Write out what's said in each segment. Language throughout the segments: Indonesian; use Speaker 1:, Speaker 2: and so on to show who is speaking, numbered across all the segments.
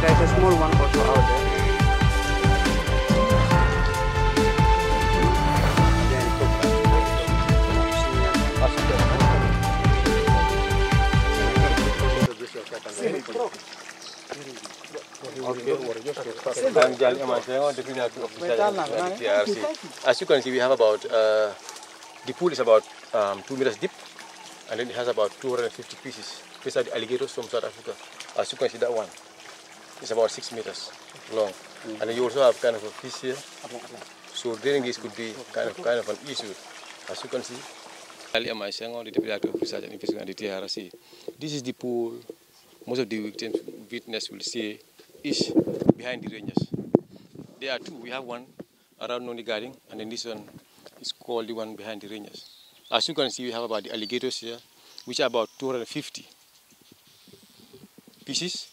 Speaker 1: there's a small one also out there.
Speaker 2: As you can see, we have about, uh, the pool is about um, 2 meters deep and then it has about 250 pieces. These are the alligators from South Africa. As you can see that one. It's about six meters long. Mm. And you also have kind of a fish here. So draining this could be kind of kind of an issue, as you can see. This is the pool most of the victims, witness will say is behind the rangers. There are two. We have one around Noni Garden, and then this one is called the one behind the rangers. As you can see, we have about the alligators here, which are about 250 pieces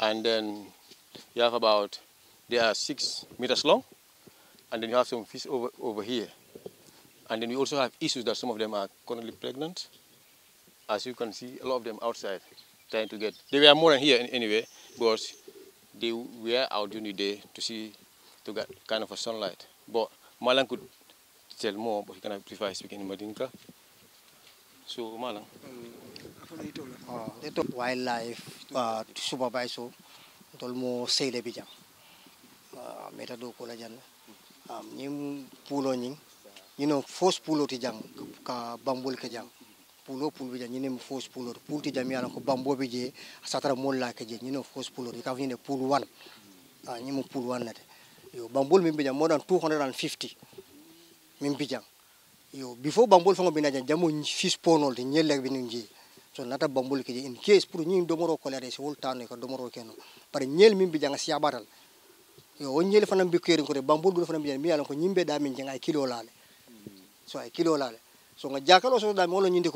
Speaker 2: and then you have about they are six meters long and then you have some fish over, over here and then you also have issues that some of them are currently pregnant as you can see a lot of them outside trying to get they were more than here anyway because they were out during the day to see to get kind of a sunlight but Malang could tell more but he cannot prefer speaking in Madinka so Malang um,
Speaker 1: oh, they took wildlife uh, to supervise dolmo meta do kola jan um, nyim pulo pulo ti ka bambol ke jam pulo pulo bija nyine mo force pulo pulo ti jam yana ko bambo bije satara molla ke je nyine force pulo ka vine pulo wan uh, nyim pulo wan nate yo bambol min bijam more 250 min bijam yo before bambol fango binajan jamo fis ponol ti nyelle binin jee so nata bambol kije in case pour ñi domoro ko lade si wol tanu ko domoro keno par ñel min bi janga siya batal yo won ñel fanam bi keri ko de bambol gu fanam bi mi yalan ko ñimbe da min janga ay kilo laale so ay kilo laale so nga jakalo so da mi wala ñindi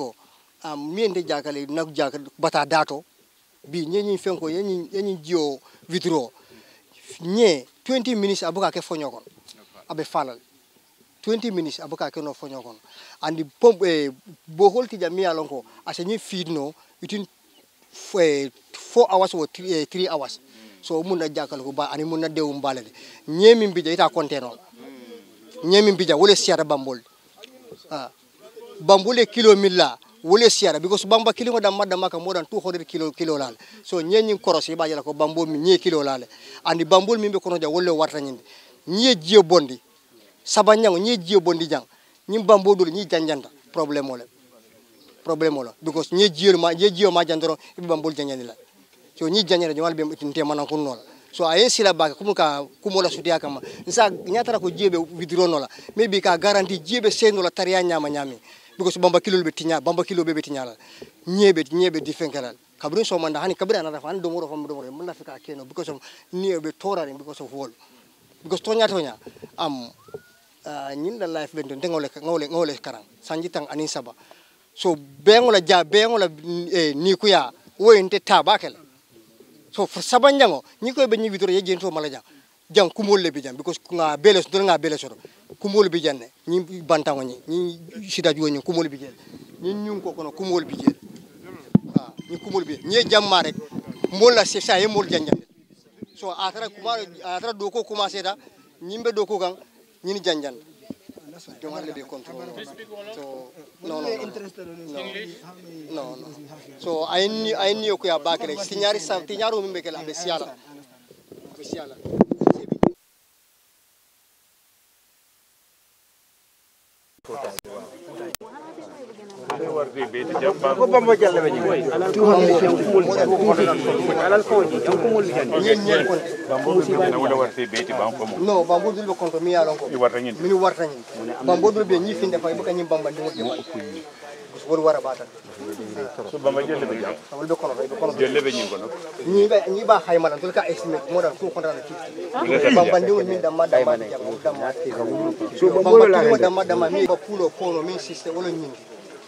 Speaker 1: am mi ende jakale nak jakal bata dato bi ñeñi fenko yeñi yeñi jio vitro ñe 20 minutes abuka ke foñokon abe falal 20 minutes abuka keno fonyo And andi pump eh, e bohol ti jami alon ko asanyi feed no within 4 eh, hours or 3 eh, hours so mun na jakal ko ba ani mun na dewum balade nyemi mbija ita e konteno nyemi mbija wole siara bambol ah bambule kilo milla wole siara because bamba kilo da madda maka more than 200 kilo kilo lal so nyenyi koros e ba jala ko bambo mi nye kilo lal andi bambol mimbe kono ja wolle warta nyinde nye jiyo bondi sabanyang ñi jiyo di jang ñi dul ñi janjanta problème ole problème ole because ñi jiyo ma ñi jiyo ma jandoro ibi bambol janjani la so ñi janjani jomal be tinte manan kun nola so ay sila la kumu kumuka kumola sutiya kama nsa nyatara ko jiebe vidiro nola maybe ka garanti jiebe seno la tariya ñama ñami because bamba kilo be tinya bamba kilo be tinya la nyebe di difenkalal kabrin so manda hani kabrin anara fan domoro fam domoro mun na fika keno because of nyebe torare because of wall because tonya tonya am um, Ah, ñinɗa life ɓen de ndegole ngawle ngawle karan sanji tan anin saba so beŋola ja beŋola e eh, nikuya woyinte tabakele so saban jango ñikoy ɓe ñiwitoro ye jento mala jang jang kumol le bijan because nga beles ndol nga beles ro kumol bijan ne ñi bantango ñi ñi sida juwo ñi kumol bijel ñi ñun ko kono kumol bijel ah ñi kumol bi ñi jamma rek mol la c'est ça e mol janjam so atara kuma atara do ko commencer ñimbe doko ko ñini janjan ɗum hannde ɓe contrôle so no. No no. so ayinni ayinni o koye a bakere tiñari sa tiñari o mimɓe kala
Speaker 2: ko bambo jalle be ni tu ha ni fu mul sa ko alal ko ni tu mul jan ni ni bambo dul be wala warte be ti bambo mo no
Speaker 1: bambo dul be kon ko mi yalon ko mi warta ni mi warta ni bambo dul be ni finde fay bu ka ni bamba ni wodi wor wara batal so bamba jelle be jam wol be kono be kono jelle be ni kono ni be ni ba hay malan dul ka estimate mo dal ko kon dal ti bamba ni wol min damma damma jam damma so bambo la damma damma mi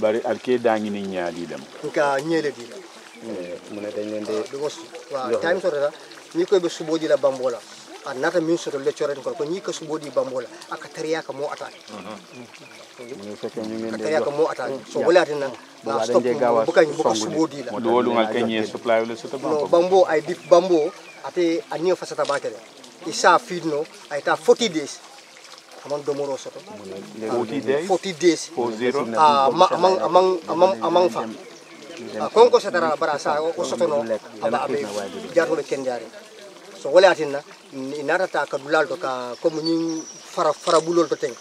Speaker 1: bari alke dañini dem ka ñeelediɗa
Speaker 2: eh, mune dañnde
Speaker 1: ah, ah, time sotata ni koye ɓe la bambola a ah, nata min soto leccorete kono ko ñi ka suɓoɗi bambola aka tariyaka mo atani a tariyaka mo atani so ya. wolati nan buka suɓoɗila wolugal kañe supply le soto no bambo ay bip bambo ate a niyo fasata bakele isa fiidno ayta 40 days among domoro soto 40 days 40 days ah, among among among amang fa ah, kon ko setara barasa o soto no aba abe jarro be kendari so wala atinna inara ta ka dulal to ka ko mun fara fara bulol to teng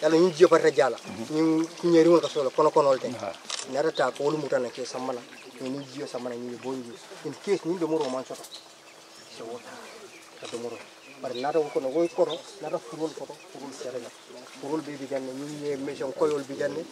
Speaker 1: yalla ñu jëfata jala ñu ñeeri won ka solo kono kono teng inara ta ko wol mutana ke samana ñu ñu jiyo samana ñu bo ñu in case ñu domoro man soto sewota ka domoro bari nata kono woy koto nata furol koto furol
Speaker 2: serena furol be bijanne ñum ye mission koyol bijanne